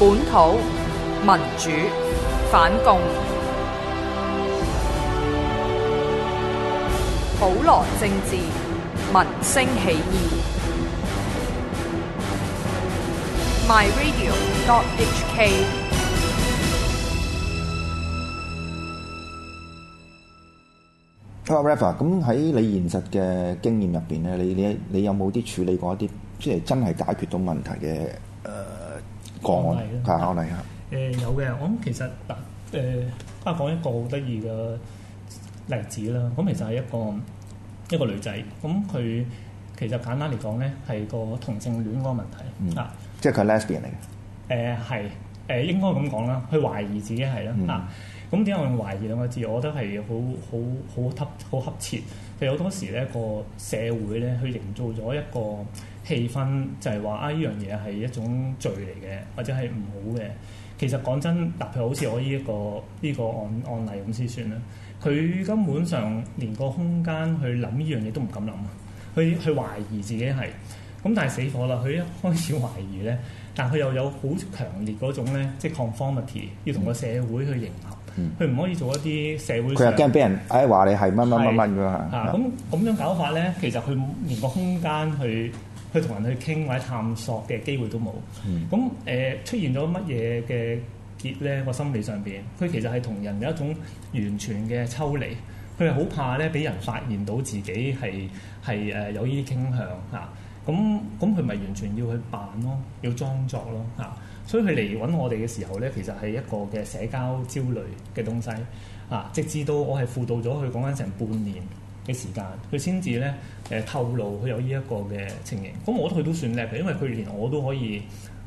本土民主反共，普羅政治民聲起義。My Radio dot HK。Hello Ralph，咁喺你現實嘅經驗入邊咧，你你你有冇啲處理過一啲即係真係解決到問題嘅？案例啦，係案例嚇。有嘅，我諗其實嗱，誒不過講一個好得意嘅例子啦。咁其實係一個一個女仔，咁佢其實簡單嚟講咧，係個同性戀嗰個問題啊。嗯、即係佢係 lesbian 嚟嘅。誒係、呃，誒應該咁講啦。佢懷疑自己係啦。啊，咁點解我用懷疑兩個字？我覺得係好好好恰好恰切。其實好多時咧，個社會咧，佢營造咗一個氣氛就，就係話啊，呢樣嘢係一種罪嚟嘅，或者係唔好嘅。其實講真，譬如好似我呢、這、一個呢、這個案案例咁先算啦。佢根本上連個空間去諗呢樣嘢都唔敢諗，佢去，去懷疑自己係。咁但係死火啦！佢一開始懷疑咧，但係佢又有好強烈嗰種咧，即、就、係、是、conformity，要同個社會去迎合。嗯佢唔、嗯、可以做一啲社會，佢又驚俾人誒話、哎、你係乜乜乜乜㗎嚇。咁咁樣搞法咧，其實佢連個空間去去同人去傾或者探索嘅機會都冇。咁誒、嗯呃、出現咗乜嘢嘅結咧？個心理上邊，佢其實係同人有一種完全嘅抽離。佢係好怕咧，俾人發現到自己係係誒有呢啲傾向嚇。咁咁佢咪完全要去扮咯，要裝作咯嚇。所以佢嚟揾我哋嘅時候咧，其實係一個嘅社交焦慮嘅東西啊，直至到我係輔導咗佢講緊成半年嘅時間，佢先至咧誒透露佢有呢一個嘅情形。咁我佢都算叻嘅，因為佢連我都可以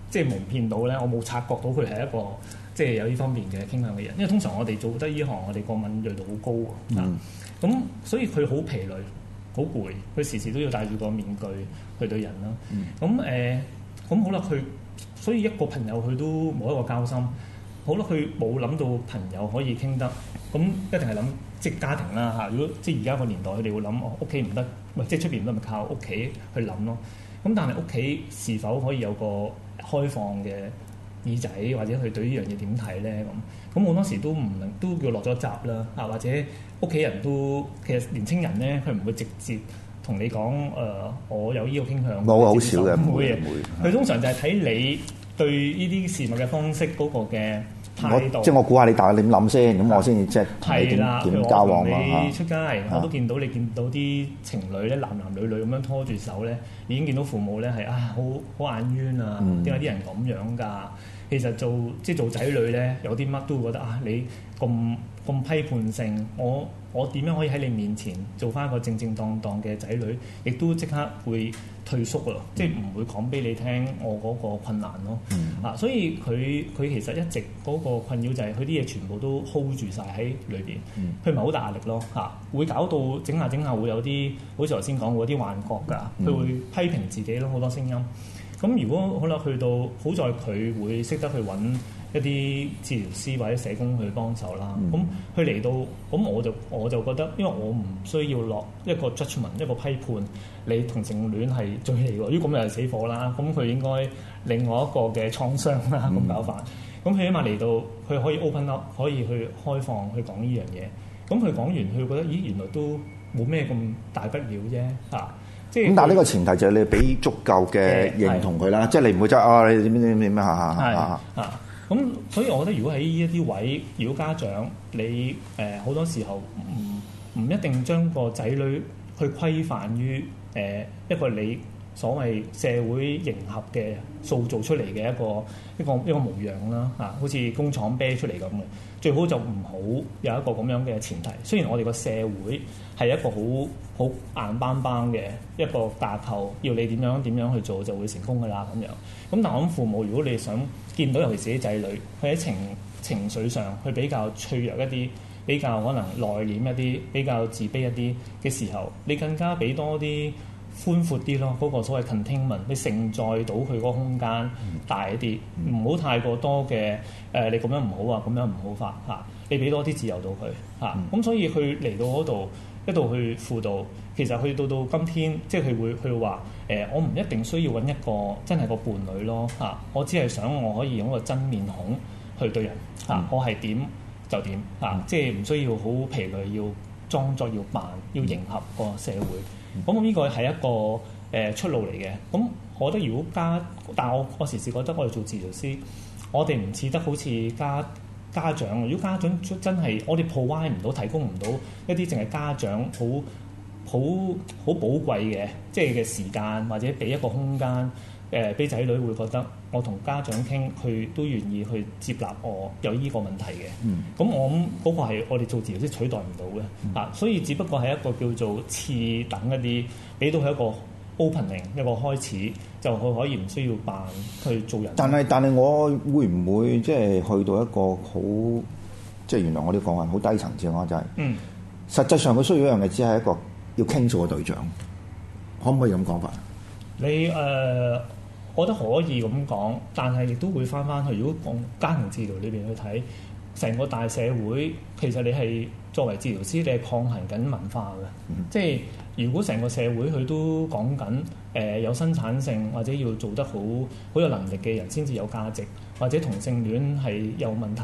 即係蒙騙到咧，我冇察覺到佢係一個即係有呢方面嘅傾向嘅人。因為通常我哋做得呢行，我哋過敏度好高、mm. 啊，咁所以佢好疲累、好攰，佢時時都要戴住個面具去對人咯。咁誒、mm. 啊，咁、呃、好啦，佢。所以一個朋友佢都冇一個交心，好咯，佢冇諗到朋友可以傾得，咁一定係諗即係家庭啦嚇。如果即係而家個年代，佢哋會諗屋企唔得，即係出邊唔得，咪靠屋企去諗咯。咁但係屋企是否可以有個開放嘅耳仔，或者佢對呢樣嘢點睇咧？咁咁我當時都唔能，都叫落咗閘啦啊，或者屋企人都其實年青人咧，佢唔會直接。同你講，誒、呃，我有呢個傾向，冇，好少嘅，唔會唔會。佢妹通常就係睇你對呢啲事物嘅方式嗰個嘅態度。即係我估下你大概點諗先？咁我先至即係同你點點的交往嘛。出街、啊、我都見到、啊、你見到啲情侶咧，男男女女咁樣拖住手咧，已經見到父母咧係啊，好好眼冤啊！點解啲人咁樣㗎？其實做即係做仔女咧，有啲乜都會覺得啊，你咁咁批判性，我。我點樣可以喺你面前做翻一個正正當當嘅仔女，亦都即刻會退縮咯，嗯、即係唔會講俾你聽我嗰個困難咯。嗯、啊，所以佢佢其實一直嗰個困擾就係佢啲嘢全部都 hold 住晒喺裏邊，佢唔係好大壓力咯。嚇、啊，會搞到整下整下會有啲好似頭先講過嗰啲幻覺㗎，佢、嗯、會批評自己咯，好多聲音。咁如果好啦，去到好在佢會識得去揾一啲治療師或者社工去幫手啦，咁佢嚟到，咁我就我就覺得，因為我唔需要落一個 judgment 一個批判，你同性戀係罪惡，咦咁又死火啦，咁佢應該另外一個嘅創傷啦，咁、 嗯、搞法，咁佢起碼嚟到佢可以 open up，可以去開放去講呢樣嘢，咁佢講完佢覺得，咦原來都冇咩咁大不了啫，嚇、啊，即係咁，但呢個前提就係你俾足夠嘅認同佢啦，即係你唔會就啊點點點點嚇嚇嚇。你 咁所以，我覺得如果喺呢一啲位，如果家長你誒好、呃、多時候唔唔、嗯、一定將個仔女去規範於誒一個你。所謂社會迎合嘅塑造出嚟嘅一個一個一個模樣啦，啊，好似工廠啤出嚟咁嘅，最好就唔好有一個咁樣嘅前提。雖然我哋個社會係一個好好硬邦邦嘅一個大頭，要你點樣點樣去做就會成功㗎啦咁樣。咁但我諗父母，如果你想見到尤其自己仔女，佢喺情情緒上佢比較脆弱一啲，比較可能內斂一啲，比較自卑一啲嘅時候，你更加俾多啲寬闊啲咯，嗰、那個所謂 containment 你盛載到佢嗰個空間、嗯、大啲，唔好、嗯、太過多嘅誒、呃，你咁樣唔好啊，咁樣唔好法嚇、啊，你俾多啲自由到佢嚇，咁、啊嗯、所以佢嚟到嗰度一度去輔導，其實去到到今天，即係佢會佢話誒，我唔一定需要搵一個真係個伴侶咯嚇，我只係想我可以用一個真面孔去對人嚇，啊嗯、我係點就點嚇，啊嗯、即係唔需要好疲累要裝作要扮要迎合個社會。咁我依個係一個誒出路嚟嘅，咁我覺得如果家，但我我時時覺得我哋做治療師，我哋唔似得好似家家長，如果家長真係，我哋破 r 唔到，提供唔到一啲淨係家長好好好寶貴嘅，即係嘅時間或者俾一個空間。誒，啲仔、呃、女會覺得我同家長傾，佢都願意去接納我有依個問題嘅。嗯。咁我諗嗰個係我哋做治療都取代唔到嘅。嗯、啊，所以只不過係一個叫做次等一啲，俾到係一個 opening 一個開始，就佢可以唔需要扮去做人但。但係但係，我會唔會即係、就是、去到一個好，即、就、係、是、原來我啲講話好低層次嘅仔？就是、嗯。實際上佢需要一樣嘢，只係一個要傾訴嘅對象，可唔可以咁講法？你誒？呃我覺得可以咁講，但係亦都會翻翻去。如果講家庭治療裏邊去睇，成個大社會其實你係作為治療師，你係抗衡緊文化嘅。嗯、即係如果成個社會佢都講緊誒有生產性或者要做得好，好有能力嘅人先至有價值，或者同性戀係有問題。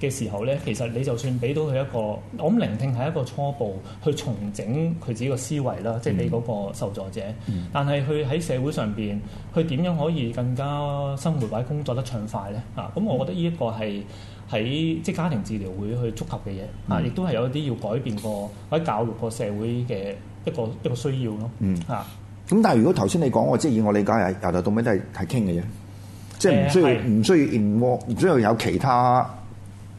嘅時候咧，其實你就算俾到佢一個，我諗聆聽係一個初步去重整佢自己個思維啦，嗯、即係你嗰個受助者。嗯、但係佢喺社會上邊，佢點樣可以更加生活或者工作得暢快咧？啊，咁我覺得呢一個係喺即係家庭治療會去觸及嘅嘢啊，亦都係有一啲要改變過或者教育個社會嘅一個一個需要咯。嗯啊，咁但係如果頭先你講我即係以我理解，由頭到尾都係係傾嘅嘢，即係唔需要唔、呃、需要唔需要有其他。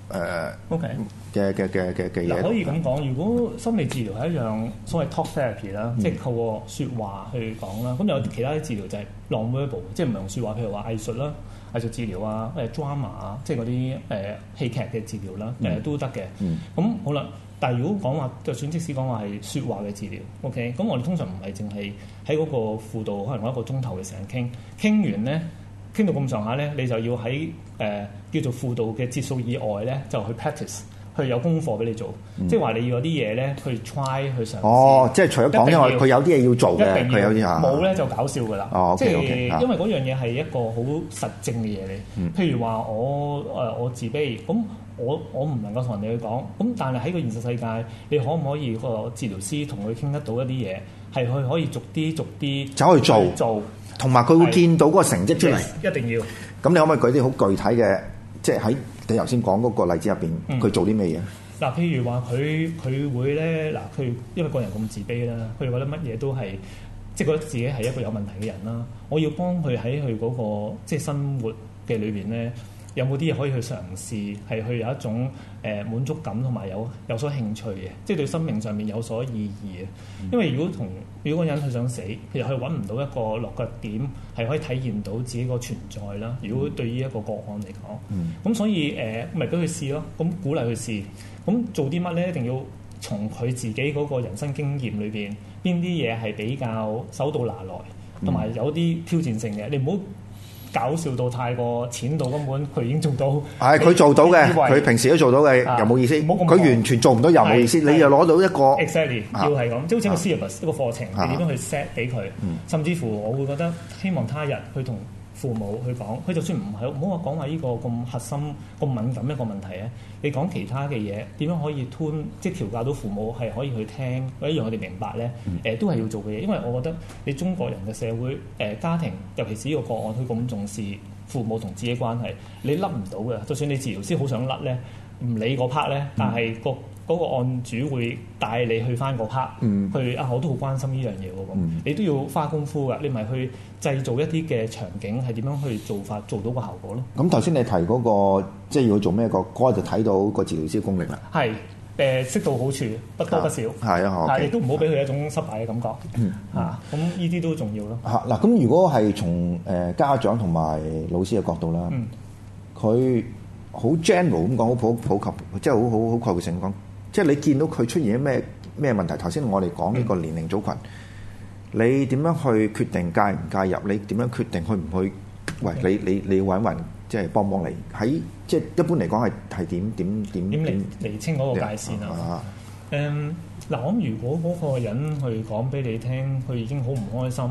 誒 OK 嘅嘅嘅嘅嘅嘢可以咁講。如果心理治療係一樣所謂 talk therapy 啦，嗯，即係透過説話去講啦。咁有其他啲治療就係 non-verbal 即係唔用説話，譬如話藝術啦、藝術治療啊、誒 drama、啊、即係嗰啲誒戲劇嘅治療啦，誒、嗯、都得嘅。咁好啦，嗯嗯、但係如果講話，就算即使講話係説話嘅治療，OK，咁我哋通常唔係淨係喺嗰個輔導可能一個鐘頭嘅時間傾傾完咧。傾到咁上下咧，你就要喺誒、呃、叫做輔導嘅節數以外咧，就去 practice，去有功課俾你做，嗯、即係話你要有啲嘢咧去 try 去上。哦，即係除咗講之外，佢有啲嘢要做嘅，佢有啲冇咧就搞笑噶啦。哦，即、okay, okay, okay, uh. 因為嗰樣嘢係一個好實證嘅嘢嚟。嗯、譬如話我誒我，我自卑，咁我我唔能夠同人哋去講，咁但係喺個現實世界，你可唔可以個治療師同佢傾得到一啲嘢，係佢可以逐啲逐啲走去做做。同埋佢會見到嗰個成績出嚟，一定要。咁你可唔可以舉啲好具體嘅，即係喺你頭先講嗰個例子入邊，佢、嗯、做啲咩嘢？嗱，譬如話佢佢會咧，嗱，佢因為個人咁自卑啦，佢覺得乜嘢都係，即係覺得自己係一個有問題嘅人啦。我要幫佢喺佢嗰個即係生活嘅裏邊咧。有冇啲嘢可以去嘗試，係去有一種誒、呃、滿足感同埋有有，有所興趣嘅，即係對生命上面有所意義嘅。因為如果同如果個人佢想死，其實佢揾唔到一個落腳點係可以體現到自己個存在啦。如果對於一個個案嚟講，咁、嗯、所以誒，咪俾佢試咯。咁鼓勵佢試。咁做啲乜咧？一定要從佢自己嗰個人生經驗裏邊，邊啲嘢係比較手到拿來，同埋有啲挑戰性嘅。你唔好。搞笑到太過，淺度，根本佢已經做到。係佢做到嘅，佢平時都做到嘅，又冇意思。佢完全做唔到又冇意思。你又攞到一個，Exactly，要係咁，即好似一個 service 一個課程，點樣去 set 俾佢？甚至乎我會覺得希望他人去同。父母去講，佢就算唔係，唔好話講話呢個咁核心、咁敏感一個問題咧。你講其他嘅嘢，點樣可以即係、就是、調教到父母係可以去聽，或者讓佢哋明白咧？誒、呃，都係要做嘅嘢，因為我覺得你中國人嘅社會誒、呃、家庭，尤其是依個個案，佢咁重視父母同自己關係，你甩唔到嘅。就算你治療師好想甩咧，唔理嗰 part 咧，但係、個。嗰個案主會帶你去翻嗰 part，去啊我都好關心呢樣嘢喎，咁，你都要花功夫嘅，你咪去製造一啲嘅場景，係點樣去做法做到個效果咯？咁頭先你提嗰、那個，即係要做咩、那個，嗰日就睇到個治療師功力啦。係，誒，適到好處，不多不少，係啊，啊，但係亦都唔好俾佢一種失敗嘅感覺。嗯，嚇，咁呢啲都重要咯。嚇嗱、啊，咁如果係從誒家長同埋老師嘅角度啦，佢好 general 咁講，好普普及，即係好好好概括性講。即係你見到佢出現咗咩咩問題？頭先我哋講呢個年齡組群，你點樣去決定介唔介入？你點樣決定去唔去？喂，你你你揾一揾，即係幫幫你喺即係一般嚟講係係點點點點釐釐清嗰個界線啊？嗯、啊，嗱咁，如果嗰個人去講俾你聽，佢已經好唔開心。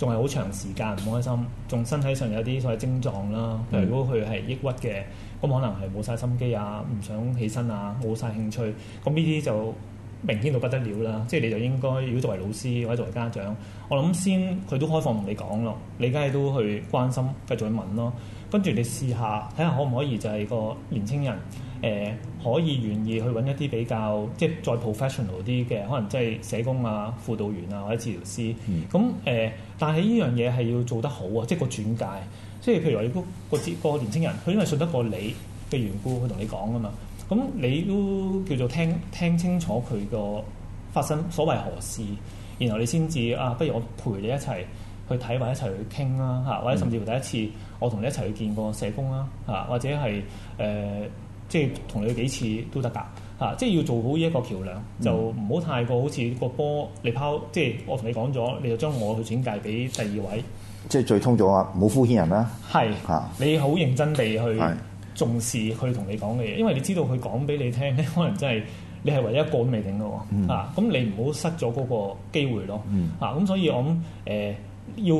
仲係好長時間唔開心，仲身體上有啲所謂症狀啦。嗯、如果佢係抑鬱嘅，咁可能係冇晒心機啊，唔想起身啊，冇晒興趣。咁呢啲就明顯到不得了啦。即係你就應該，如果作為老師或者作為家長，我諗先佢都開放同你講咯。你梗係都去關心，繼續去問咯。跟住你試下睇下可唔可以就係個年青人。誒、呃、可以願意去揾一啲比較即係再 professional 啲嘅，可能即係社工啊、輔導員啊或者治療師咁誒、嗯呃。但係呢樣嘢係要做得好啊，即係個轉介，即係譬如話你都個知年青人，佢因為信得過你嘅緣故，佢同你講啊嘛。咁你都叫做聽聽清楚佢個發生所謂何事，然後你先至啊，不如我陪你一齊去睇，或者一齊去傾啦嚇，或者甚至乎第一次我同你一齊去見個社工啦嚇，或者係誒。呃即係同你去幾次都得㗎嚇，即係要做好呢一個橋梁，嗯、就唔好太過好似個波你拋。即係我同你講咗，你就將我去轉介俾第二位，即係最通咗是啊，冇敷衍人啦。係嚇，你好認真地去重視佢同你講嘅嘢，因為你知道佢講俾你聽咧，可能真係你係唯一一個都未定嘅喎嚇。咁你唔好失咗嗰個機會咯嚇。咁、嗯啊、所以我諗誒。呃要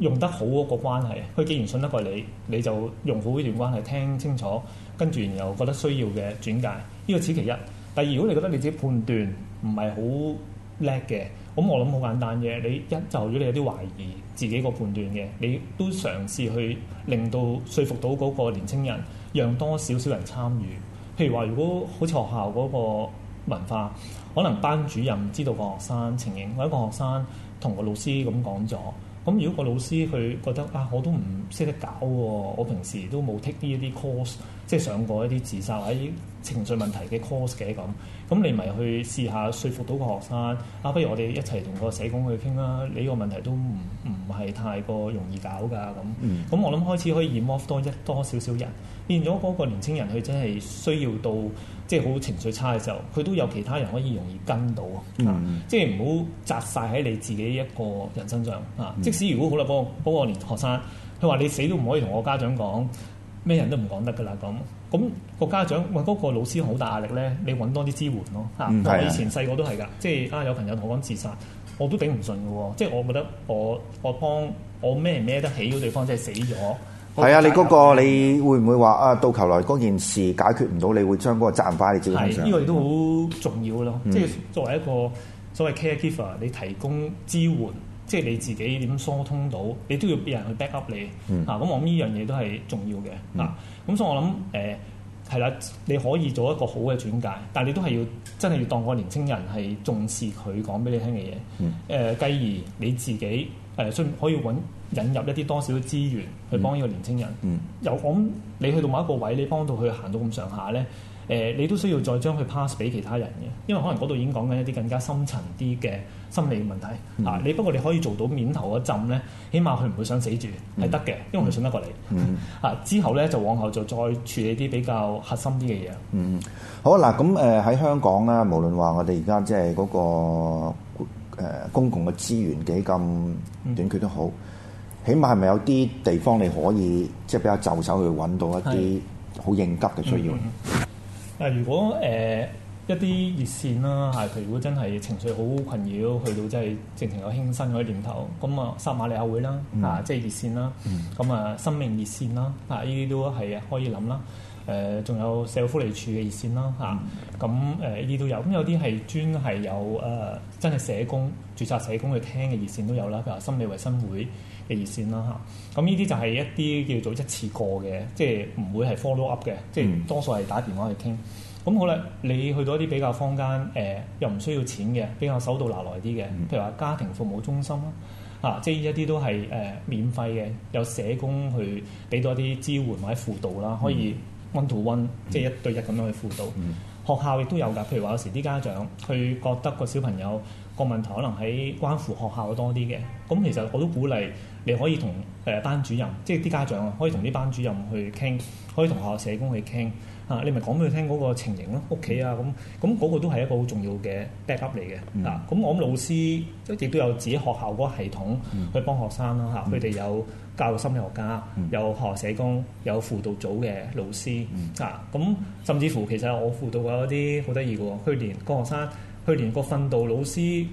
用得好嗰個關係，佢既然信得過你，你就用好呢段關係，聽清楚，跟住然後覺得需要嘅轉介，呢個此其一。第二，如果你覺得你自己判斷唔係好叻嘅，咁我諗好簡單嘅，你一就如果你有啲懷疑自己個判斷嘅，你都嘗試去令到說服到嗰個年青人，讓多少少人參與。譬如話，如果好似學校嗰個文化，可能班主任知道個學生情形，或者個學生同個老師咁講咗。咁如果個老師佢覺得啊，我都唔識得搞喎，我平時都冇 take 啲一啲 course，即係上過一啲自殺或者情緒問題嘅 course 嘅咁，咁你咪去試下說服到個學生啊，不如我哋一齊同個社工去傾啦，你呢個問題都唔唔係太過容易搞㗎咁，咁、嗯、我諗開始可以 involve 多一多少少人，變咗嗰個年青人佢真係需要到。即係好情緒差嘅時候，佢都有其他人可以容易跟到啊！嗯嗯、即係唔好砸晒喺你自己一個人身上啊！嗯、即使如果好啦，幫我幫我連學生，佢話你死都唔可以同我家長講，咩人都唔講得㗎啦！咁咁、嗰個家長喂嗰、嗰個老師好大壓力咧，你揾多啲支援咯嚇！啊嗯啊、我以前細個都係㗎，即係、嗯、啊、嗯、啊有朋友同我講自殺，我都頂唔順嘅喎！即係我覺得我我幫我孭唔孭得起嗰對方即係、就是、死咗。係啊，你嗰個你會唔會話啊？到頭來嗰件事解決唔到，你會將嗰個責任擺喺自己身上？係，呢、這個亦都好重要咯。嗯、即係作為一個所謂 care giver，你提供支援，即係你自己點疏通到，你都要俾人去 back up 你。嗯、啊，咁我諗呢樣嘢都係重要嘅。嗱、嗯，咁、啊、所以我諗誒係啦，你可以做一個好嘅轉介，但係你都係要真係要當個年青人係重視佢講俾你聽嘅嘢。嗯。誒、啊，繼而你自己誒，儘、呃、可以揾。引入一啲多少嘅資源去幫呢個年輕人。由我，你去到某一個位，你幫到佢行到咁上下咧，誒，你都需要再將佢 pass 俾其他人嘅，因為可能嗰度已經講緊一啲更加深層啲嘅心理問題。啊，你不過你可以做到面頭一浸咧，起碼佢唔會想死住，係得嘅，因為佢信得過你。啊，之後咧就往後就再處理啲比較核心啲嘅嘢。嗯，好啊，嗱，咁誒喺香港咧，無論話我哋而家即係嗰個誒公共嘅資源幾咁短缺都好。起碼係咪有啲地方你可以即係比較就手去揾到一啲好應急嘅需要？嗱、嗯嗯，如果誒、呃、一啲熱線啦嚇，譬如果真係情緒好困擾，去到真係靜靜有輕生嗰啲念頭，咁啊撒瑪利亞會啦嚇，即係、嗯啊就是、熱線啦，咁啊、嗯、生命熱線啦，啊呢啲都係啊可以諗啦。誒，仲、呃、有社會福利署嘅熱線啦、啊啊嗯，嚇咁誒呢啲都有。咁有啲係專係有誒、呃，真係社工註冊社工去聽嘅熱線都有啦。譬如話心理衞生會嘅熱線啦、啊，嚇咁呢啲就係一啲叫做一次過嘅，即係唔會係 follow up 嘅，即係多數係打電話去傾。咁、嗯嗯嗯、好啦，你去到一啲比較坊間誒、呃，又唔需要錢嘅，比較手到拿來啲嘅，譬如話家庭服務中心啦，嚇、啊、即係一啲都係誒免費嘅，有社工去俾多啲支援或者輔導啦，可以。安徒 One to one 即係一對一咁樣去輔導，嗯、學校亦都有㗎。譬如話有時啲家長佢覺得個小朋友個問題可能喺關乎學校多啲嘅，咁其實我都鼓勵你可以同誒班主任，即係啲家長可以同啲班主任去傾，可以同學校社工去傾嚇，你咪講俾佢聽嗰個情形咯，屋企啊咁，咁嗰、嗯那個都係一個好重要嘅 back up 嚟嘅嗱。咁、嗯啊、我諗老師亦都有自己學校嗰個系統去幫學生啦嚇，佢、啊、哋有。教育心理學家，嗯、有學社工，有輔導組嘅老師、嗯、啊，咁甚至乎其實我輔導過一啲好得意嘅喎，佢連、嗰個學生，去年個訓導老師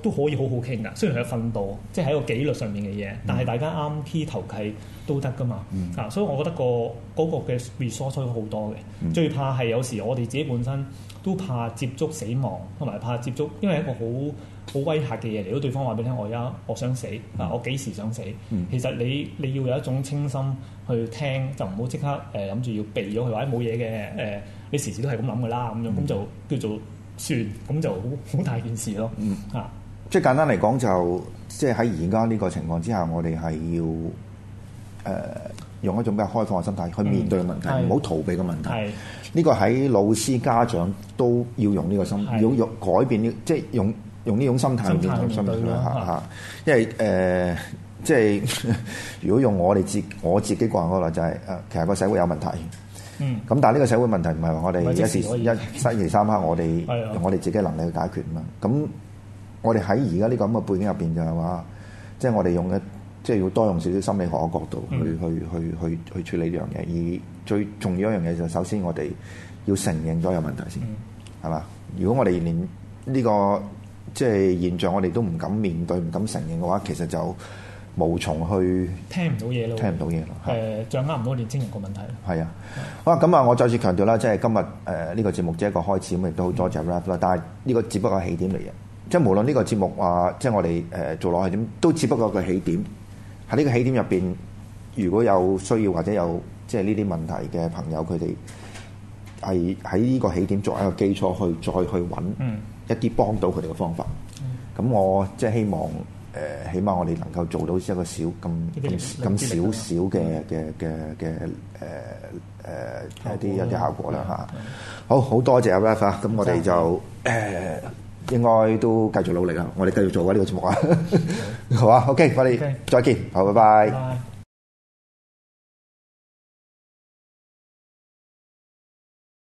都可以好好傾噶，雖然係訓導，即係喺個紀律上面嘅嘢，嗯、但係大家啱 key 投契都得噶嘛、嗯、啊，所以我覺得、嗰個嗰、嗰個嘅 resource 好多嘅，最怕係有時我哋自己本身都怕接觸死亡，同埋怕接觸，因為一個好，嗯好威嚇嘅嘢嚟，到對方話俾你聽，我而家我想死，啊我幾時想死？其實你你要有一種清心去聽，就唔好即刻誒諗住要避咗佢，或者冇嘢嘅誒，你時時都係咁諗㗎啦咁樣，咁就叫做算，咁就好好大件事咯。嗯、啊，即係簡單嚟講，就即係喺而家呢個情況之下，我哋係要誒、呃、用一種比較開放嘅心態去面對問題，唔好、嗯、逃避個問題。係呢個喺老師家長都要用呢個心態對，要用改變呢，即係用。用呢種心態去面，面對啦嚇，嗯、因為誒、呃，即係如果用我哋自我自己個人角度就係誒，其實個社會有問題，嗯，咁但係呢個社會問題唔係話我哋一時，時一三夜三刻，我哋用我哋自己嘅能力去解決嘛。咁、嗯、我哋喺而家呢個咁嘅背景入邊就係話，即係我哋用嘅即係要多用少少心理學嘅角度去、嗯、去去去去處理呢樣嘢。而最重要一樣嘢就首先我哋要承認咗有問題先，係嘛、嗯？如果我哋連呢、呢個即係現象，我哋都唔敢面對、唔敢承認嘅話，其實就無從去聽唔到嘢咯。聽唔到嘢咯。誒是，是掌握唔到年輕人個問題咯。係啊。嗯、好啊，咁啊，我再次強調啦，即係今日誒呢、呃呢個節目即係一個開始，咁亦都好多謝 Ralph 啦。但係呢個只不過係起點嚟嘅，即係無論呢個節目啊，即係我哋誒做落去，點，都只不過個起點。喺呢個起點入邊，如果有需要或者有即係呢啲問題嘅朋友，佢哋係喺呢個起點作一個基礎去再去揾。嗯。一啲幫到佢哋嘅方法，咁我即係希望誒，起碼我哋能夠做到一個小咁咁咁少少嘅嘅嘅嘅誒誒一啲一啲效果啦嚇。好，好多謝阿 Ralph 啊，咁我哋就誒應該都繼續努力啦，我哋繼續做啊呢個節目啊，好啊，OK，我哋再見，好，拜拜。